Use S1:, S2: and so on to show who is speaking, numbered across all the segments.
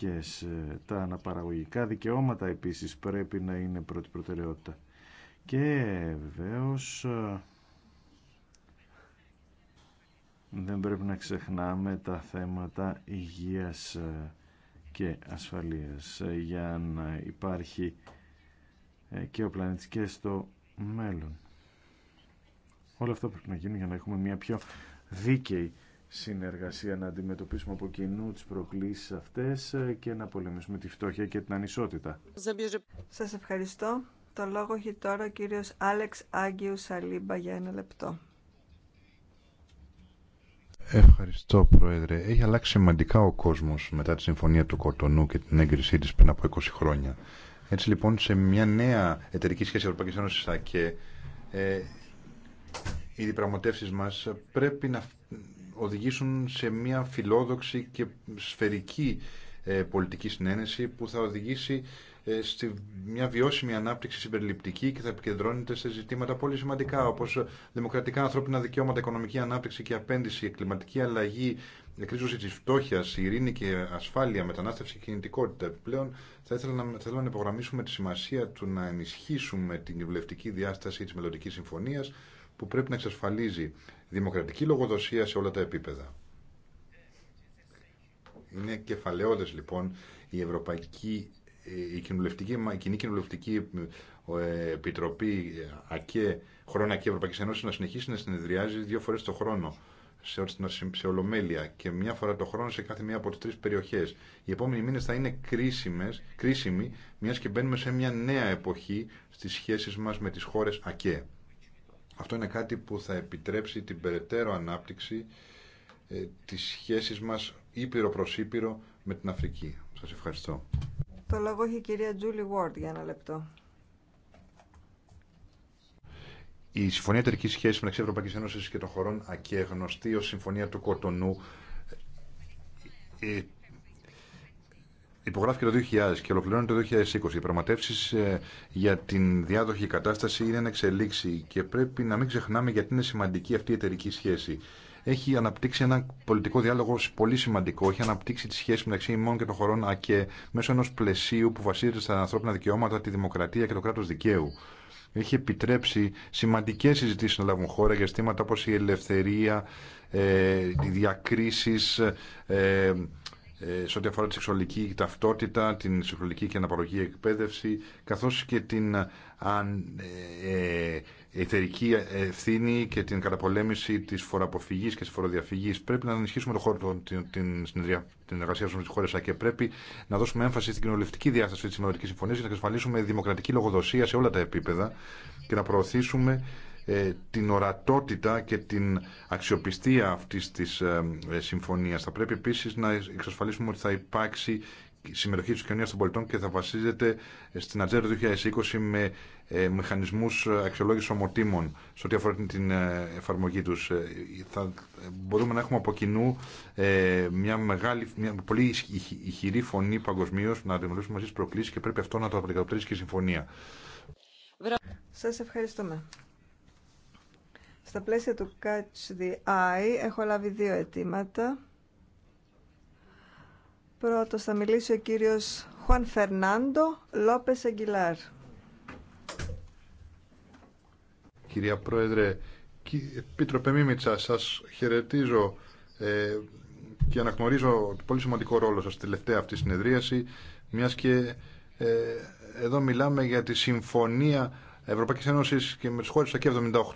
S1: γυναίκες, ε, τα αναπαραγωγικά δικαιώματα επίσης πρέπει να είναι πρώτη προτεραιότητα. Και βεβαίως ε, δεν πρέπει να ξεχνάμε τα θέματα υγείας ε, και ασφαλείας για να υπάρχει και ο πλανήτης και στο μέλλον. Όλα αυτά πρέπει να γίνει για να έχουμε μια πιο δίκαιη συνεργασία να αντιμετωπίσουμε από κοινού τις προκλήσεις αυτές ε, και να πολεμήσουμε τη φτώχεια και την ανισότητα.
S2: Σας ευχαριστώ. Το λόγο έχει τώρα ο κύριος Άλεξ Άγγιου Σαλίμπα για ένα λεπτό.
S3: Ευχαριστώ Πρόεδρε. Έχει αλλάξει σημαντικά ο κόσμος μετά τη συμφωνία του Κορτονού και την έγκρισή της πριν από 20 χρόνια. Έτσι λοιπόν σε μια νέα εταιρική σχέση Ευρωπαϊκής Ένωσης ΑΚΕ ε, οι διπραγματεύσεις μας πρέπει να οδηγήσουν σε μια φιλόδοξη και σφαιρική ε, πολιτική συνένεση που θα οδηγήσει ε, στη μια βιώσιμη ανάπτυξη συμπεριληπτική και θα επικεντρώνεται σε ζητήματα πολύ σημαντικά όπως δημοκρατικά, ανθρώπινα δικαιώματα, οικονομική ανάπτυξη και απέντηση, κλιματική αλλαγή, εκρίζωση τη φτώχεια, ειρήνη και ασφάλεια, μετανάστευση και κινητικότητα. Επιπλέον, θα ήθελα να, ήθελα να υπογραμμίσουμε τη σημασία του να ενισχύσουμε την κοινοβουλευτική διάσταση τη μελλοντική συμφωνία που πρέπει να εξασφαλίζει δημοκρατική λογοδοσία σε όλα τα επίπεδα. Είναι κεφαλαιόδες λοιπόν η Ευρωπαϊκή η, η κοινή κοινοβουλευτική ε, επιτροπή ε, ΑΚΕ, και Ευρωπαϊκής Ένωσης να συνεχίσει να συνεδριάζει δύο φορέ το χρόνο σε ολομέλεια και μια φορά το χρόνο σε κάθε μία από τις τρεις περιοχές. Οι επόμενοι μήνες θα είναι κρίσιμες, κρίσιμοι, μιας και μπαίνουμε σε μια νέα εποχή στις σχέσεις μας με τις χώρες ΑΚΕ. Αυτό είναι κάτι που θα επιτρέψει την περαιτέρω ανάπτυξη ε, της σχέσης μας ήπειρο προς ήπειρο με την Αφρική. Σας ευχαριστώ.
S2: Το λόγο έχει η κυρία Τζούλη Βόρτ για ένα λεπτό.
S3: Η Συμφωνία Εταιρική Σχέση μεταξύ Ευρωπαϊκή Ένωση και των χωρών ΑΚΕ, γνωστή ω Συμφωνία του Κοτονού, ε, υπογράφηκε το 2000 και ολοκληρώνεται το 2020. Οι πραγματεύσει ε, για την διάδοχη κατάσταση είναι να εξελίξει και πρέπει να μην ξεχνάμε γιατί είναι σημαντική αυτή η εταιρική σχέση. Έχει αναπτύξει ένα πολιτικό διάλογο πολύ σημαντικό. Έχει αναπτύξει τη σχέση μεταξύ ημών και των χωρών και μέσω ενό πλαισίου που βασίζεται στα ανθρώπινα δικαιώματα, τη δημοκρατία και το κράτο δικαίου. Έχει επιτρέψει σημαντικέ συζητήσει να λάβουν χώρα για ζητήματα όπω η ελευθερία, ε, οι διακρίσει, ε, ε, σε ό,τι αφορά τη σεξουαλική ταυτότητα, την σεξουαλική και αναπαρογική εκπαίδευση, καθώς και την ε, ε, εταιρική ευθύνη και την καταπολέμηση της φοροαποφυγής και της φοροδιαφυγής. Πρέπει να ενισχύσουμε το χώρο, την, την, την εργασία στις χώρες και πρέπει να δώσουμε έμφαση στην κοινοβουλευτική διάσταση της Συμμετοχικής Συμφωνίας και να εξασφαλίσουμε δημοκρατική λογοδοσία σε όλα τα επίπεδα και να προωθήσουμε ε, την ορατότητα και την αξιοπιστία αυτής της ε, ε, συμφωνίας. Θα πρέπει επίσης να εξασφαλίσουμε ότι θα υπάρξει συμμετοχή της κοινωνίας των πολιτών και θα βασίζεται στην ατζέντα 2020 με μηχανισμούς αξιολόγησης ομοτήμων σε ό,τι αφορά την εφαρμογή τους. Θα μπορούμε να έχουμε από κοινού μια, μεγάλη, μια πολύ ηχηρή φωνή παγκοσμίω να αντιμετωπίσουμε μαζί τις προκλήσεις και πρέπει αυτό να το αποκαταπτρίσει και η συμφωνία.
S2: Σας ευχαριστούμε. Στα πλαίσια του Catch the Eye έχω λάβει δύο αιτήματα. Πρώτος θα μιλήσει ο κύριος Χουαν Φερνάντο Λόπες Αγγιλάρ.
S3: Κυρία Πρόεδρε, Επίτροπε Μίμητσα, σας χαιρετίζω ε, και αναγνωρίζω πολύ σημαντικό ρόλο σας τελευταία αυτή συνεδρίαση, μιας και ε, εδώ μιλάμε για τη συμφωνία Ευρωπαϊκή Ένωση και με τι χώρε του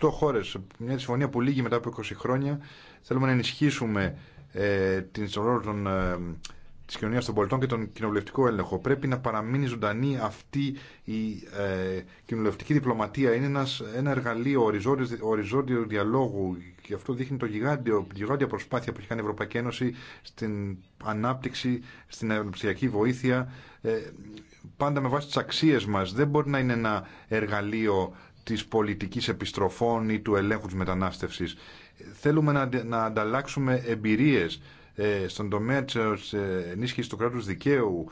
S3: 78 χώρε, μια συμφωνία που λύγει μετά από 20 χρόνια. Θέλουμε να ενισχύσουμε ε, την ρόλο των ε, τη κοινωνία των πολιτών και τον κοινοβουλευτικό έλεγχο. Πρέπει να παραμείνει ζωντανή αυτή η ε, κοινοβουλευτική διπλωματία. Είναι ένας, ένα εργαλείο οριζόντιου διαλόγου και αυτό δείχνει το γιγάντιο, γιγάντια προσπάθεια που έχει κάνει η Ευρωπαϊκή Ένωση στην ανάπτυξη, στην ευρωπαϊκή βοήθεια, ε, πάντα με βάση τι αξίε μα. Δεν μπορεί να είναι ένα εργαλείο τη πολιτική επιστροφών ή του ελέγχου τη μετανάστευση. Θέλουμε να, να ανταλλάξουμε εμπειρίες ε, στον τομέα της ε, ε, ενίσχυση του Κράτου δικαίου,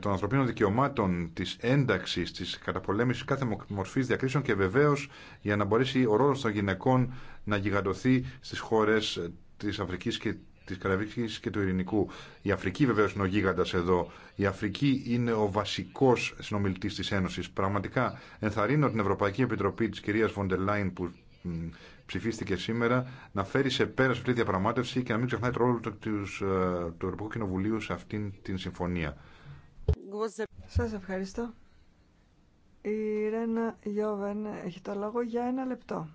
S3: των ανθρωπίνων δικαιωμάτων, της ένταξης, τη καταπολέμησης κάθε μορφής διακρίσεων και βεβαίω για να μπορέσει ο ρόλο των γυναικών να γιγαντωθεί στις χώρες της Αφρικής και τη Καραβική και του Ειρηνικού. Η Αφρική βεβαίω είναι ο γίγαντα εδώ. Η Αφρική είναι ο βασικό συνομιλητή τη Ένωση. Πραγματικά ενθαρρύνω την Ευρωπαϊκή Επιτροπή τη κυρία Βοντελάιν που ψηφίστηκε σήμερα να φέρει σε πέρα αυτή τη διαπραγμάτευση και να μην ξεχνάει το ρόλο του, ε, Ευρωπαϊκού Κοινοβουλίου σε αυτήν την συμφωνία.
S2: Σα ευχαριστώ. Η Ρένα Γιώβεν έχει το λόγο για ένα λεπτό.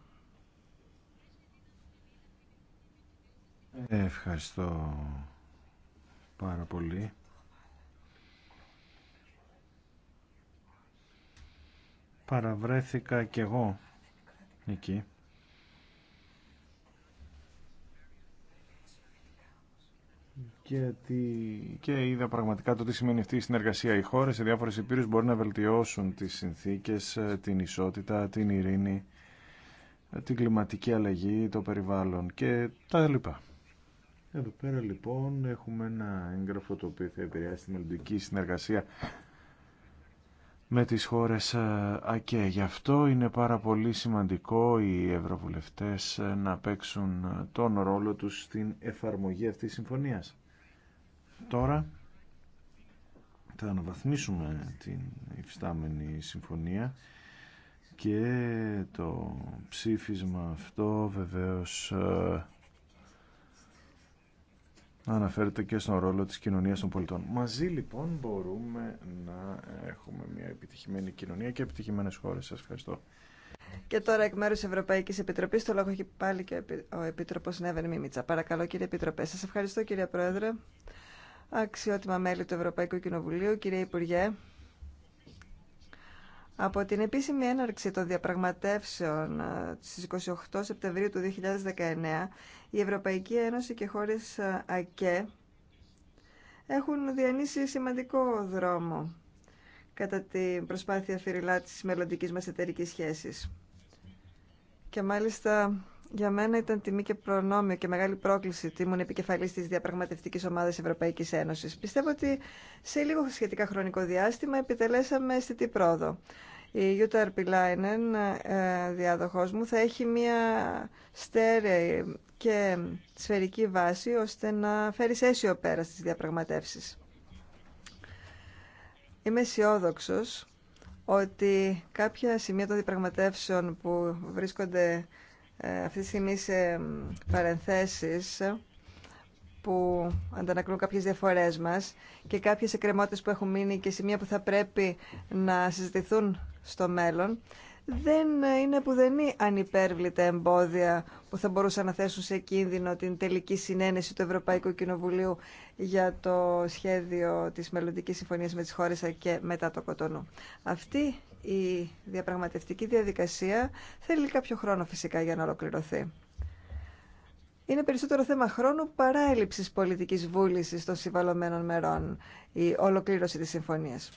S1: Ευχαριστώ πάρα πολύ. Παραβρέθηκα κι εγώ εκεί και είδα πραγματικά το τι σημαίνει αυτή η συνεργασία. Οι χώρε σε διάφορε υπήρου μπορεί να βελτιώσουν τι συνθήκε, ε, την ισότητα, την ειρήνη, ε, την κλιματική αλλαγή, το περιβάλλον και τα λοιπά. Εδώ πέρα λοιπόν έχουμε ένα έγγραφο το οποίο θα επηρεάσει τη μελλοντική συνεργασία με τις χώρες ε, ΑΚΕ. Γι' αυτό είναι πάρα πολύ σημαντικό οι ευρωβουλευτές να παίξουν τον ρόλο τους στην εφαρμογή αυτής της συμφωνίας. Τώρα θα αναβαθμίσουμε την υφιστάμενη συμφωνία και το ψήφισμα αυτό βεβαίως ε, αναφέρεται και στον ρόλο της κοινωνίας των πολιτών. Μαζί
S2: λοιπόν μπορούμε να έχουμε μια επιτυχημένη κοινωνία και επιτυχημένες χώρες. Σας ευχαριστώ. Και τώρα εκ μέρου Ευρωπαϊκή Επιτροπή, το λόγο έχει πάλι και ο επίτροπο Νέβεν Μίμητσα. Παρακαλώ κύριε Επιτροπέ. Σα ευχαριστώ κύριε Πρόεδρε αξιότιμα μέλη του Ευρωπαϊκού Κοινοβουλίου, κύριε Υπουργέ. Από την επίσημη έναρξη των διαπραγματεύσεων ε, στις 28 Σεπτεμβρίου του 2019, η Ευρωπαϊκή Ένωση και χώρες ε, ΑΚΕ έχουν διανύσει σημαντικό δρόμο κατά την προσπάθεια φυριλά μελλοντικής μας εταιρικής σχέσης. Και μάλιστα για μένα ήταν τιμή και προνόμιο και μεγάλη πρόκληση ότι ήμουν επικεφαλή τη διαπραγματεύτική ομάδα Ευρωπαϊκής Ένωσης. Πιστεύω ότι σε λίγο σχετικά χρονικό διάστημα επιτελέσαμε αισθητή πρόοδο. Η Γιούτα Αρπιλάινεν, ε, διάδοχός μου, θα έχει μια στέρεη και σφαιρική βάση ώστε να φέρει αίσιο πέρα στι διαπραγματεύσει. Είμαι αισιόδοξο ότι κάποια σημεία των διαπραγματεύσεων που βρίσκονται ε, αυτή τη στιγμή σε παρενθέσεις που αντανακλούν κάποιες διαφορές μας και κάποιες εκκρεμότητες που έχουν μείνει και σημεία που θα πρέπει να συζητηθούν στο μέλλον δεν ε, είναι πουδενή ανυπέρβλητα εμπόδια που θα μπορούσαν να θέσουν σε κίνδυνο την τελική συνένεση του Ευρωπαϊκού Κοινοβουλίου για το σχέδιο της μελλοντική συμφωνίας με τις χώρες και μετά το Κοτονού. Αυτή η διαπραγματευτική διαδικασία θέλει κάποιο χρόνο φυσικά για να ολοκληρωθεί. Είναι περισσότερο θέμα χρόνου παρά έλλειψης πολιτικής βούλησης των συμβαλωμένων μερών η ολοκλήρωση της συμφωνίας.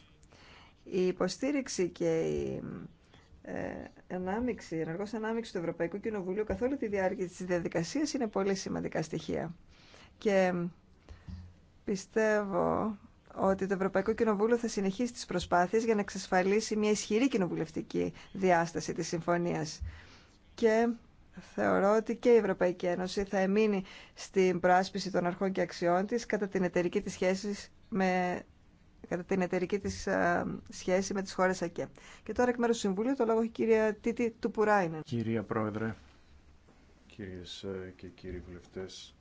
S2: Η υποστήριξη και η ε, ανάμειξη, ενεργός ανάμειξη του Ευρωπαϊκού Κοινοβουλίου καθ' όλη τη διάρκεια της διαδικασίας είναι πολύ σημαντικά στοιχεία. Και πιστεύω ότι το Ευρωπαϊκό Κοινοβούλιο θα συνεχίσει τις προσπάθειες για να εξασφαλίσει μια ισχυρή κοινοβουλευτική διάσταση της συμφωνίας. Και θεωρώ ότι και η Ευρωπαϊκή Ένωση θα εμείνει στην προάσπιση των αρχών και αξιών της κατά την εταιρική της σχέση με κατά την εταιρική της σχέση με τις χώρες ΑΚΕ. Και τώρα εκ μέρους του Συμβουλίου το λόγο έχει η κυρία Τίτη Τουπουράινεν. Κυρία Πρόεδρε,
S1: κύριε και κύριοι βουλευτές,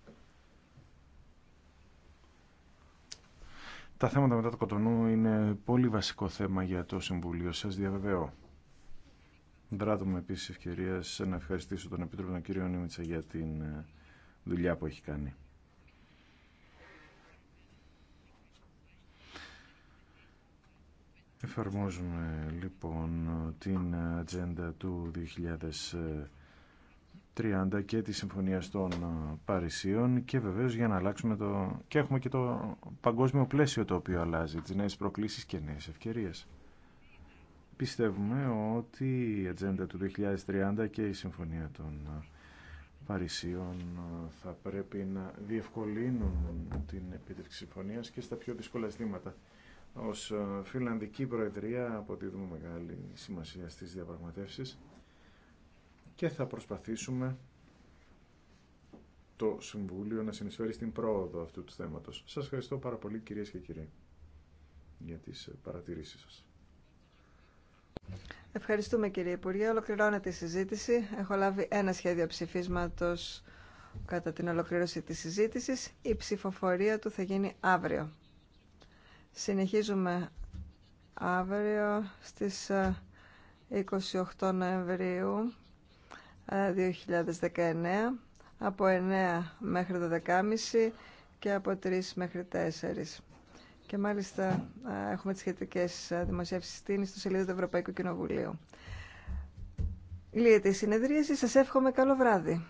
S1: Τα θέματα μετά το Κοτονού είναι πολύ βασικό θέμα για το Συμβούλιο. Σας διαβεβαιώ. Δράτουμε επίσης ευκαιρία να ευχαριστήσω τον Επίτροπο τον κύριο Νίμιτσα για την ε, δουλειά που έχει κάνει. Εφαρμόζουμε λοιπόν την ατζέντα του 30 και τη Συμφωνία των ε, Παρισίων και βεβαίως για να αλλάξουμε το... και έχουμε και το παγκόσμιο πλαίσιο το οποίο αλλάζει, τις νέες προκλήσεις και νέες ευκαιρίες. Πιστεύουμε ότι η ατζέντα του 2030 και η Συμφωνία των ε, Παρισίων ε, θα πρέπει να διευκολύνουν την επίτευξη συμφωνίας και στα πιο δύσκολα ζητήματα. Ως Φιλανδική Προεδρία αποδίδουμε μεγάλη σημασία στις διαπραγματεύσεις και θα προσπαθήσουμε το Συμβούλιο να συνεισφέρει στην πρόοδο αυτού του θέματος. Σας ευχαριστώ πάρα πολύ κυρίες και κύριοι για τις παρατηρήσεις σας.
S2: Ευχαριστούμε κύριε Υπουργέ. Ολοκληρώνεται η συζήτηση. Έχω λάβει ένα σχέδιο ψηφίσματος κατά την ολοκλήρωση της συζήτησης. Η ψηφοφορία του θα γίνει αύριο. Συνεχίζουμε αύριο στις 28 ε, Νοεμβρίου. 2019 από 9 μέχρι 12.30 και από 3 μέχρι 4. Και μάλιστα έχουμε τις σχετικές δημοσίευσεις στην ιστοσελίδα του Ευρωπαϊκού Κοινοβουλίου. Λύεται η συνεδρίαση. Σας εύχομαι καλό βράδυ.